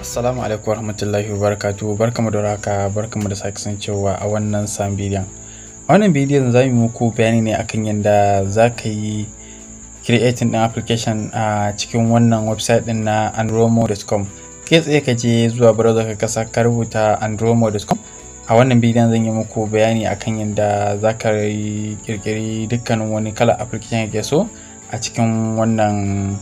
Assalamu alaikum warahmatullahi wabarakatuh barkamu da raka barkamu da sake cewa a wannan sam bidiyon. A wannan bidiyon za mu muku bayani ne akan yadda za ka yi creating din application a cikin wannan website din na andromo.com. Kai tsaye ka je zuwa browser ka kasa ka rubuta andromo.com. A wannan bidiyon zan yi muku bayani akan yadda za ka kirkiri dukkanin wani kala application ke so a cikin wannan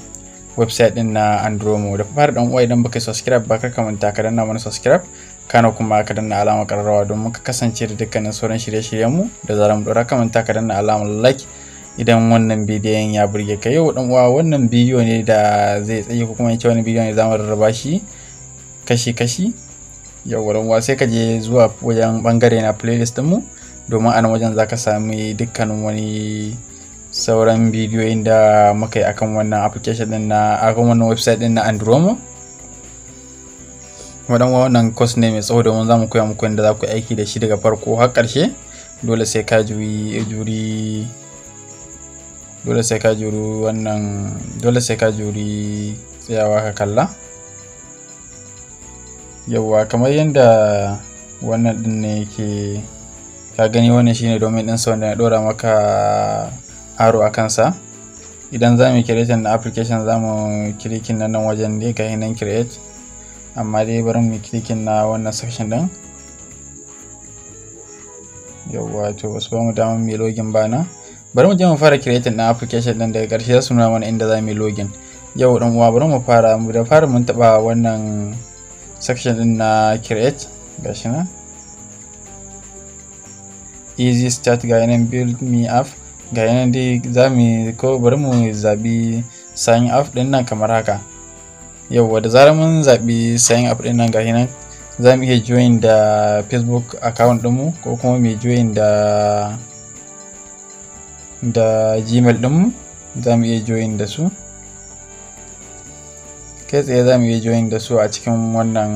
website din na Andromo da fara dan uwa idan baka subscribe ba ka manta ka danna mana subscribe kana kuma ka danna alamar karrawa domin ka kasance da dukkanin sauran shirye-shiryen mu da zara mu dora manta ka danna alamar like idan wannan bidiyon ya burge ka yau dan uwa wannan bidiyo ne da zai tsaye ko kuma in ce wani bidiyo ne zamu rarraba shi kashi-kashi yau dan uwa sai ka je zuwa wajen bangare na playlist din mu domin a nan wajen zaka sami dukkanin wani sauran bidiyoyin da muka yi akan wannan application din na akan wannan website din na Andromo wadan wannan course ne mai tsawo domin zamu koya muku yadda za ku aiki da shi daga farko har ƙarshe dole sai ka juri juri dole sai ka juri wannan dole sai ka juri tsayawa ka kalla yawwa kamar yadda wannan din ne yake ka gani wannan shine domin ɗinsa wanda na ɗora maka aro a kansa idan za mu creating na application za mu kirikin na nan wajen ne ga nan create amma dai bari mu kirikin na wannan section din yawwa to wasu ba mu damar mai login ba na bari mu je mu fara creating na application din daga ƙarshe za su nuna mana inda za mu login yau dan uwa bari mu fara mu da fara mun taba wannan section din na create gashi na easy start ga nan build me app ga yana dai za mu ko bari mu zabi sign up din nan kamar haka yau da zarar mun zabi sign up din nan ga yana za mu iya join da facebook account mu ko kuma mu join da da gmail dinmu za mu join da su kai tsaye za mu iya join da su a cikin wannan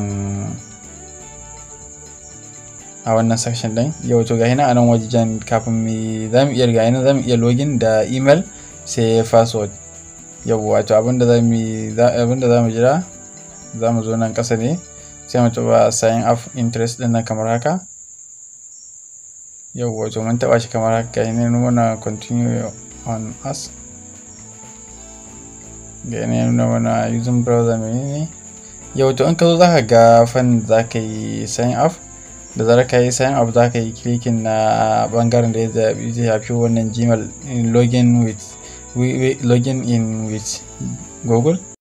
a wannan section din yau to gahi nan a nan wajen kafin mu za mu iya gahi za mu iya login da email sai password yau wato abinda za mu abinda za mu jira za mu zo nan kasa ne sai mu taba sign up interest din nan kamar haka yau wato mun taba shi kamar haka gahi nan muna continue on us gahi nan muna using browser menene yau to in ka zo za ka ga fan za ka yi sign up da zarar ka yi sayan up za ka yi clicking na bangaren da ya zafi wannan gmail login with login in with google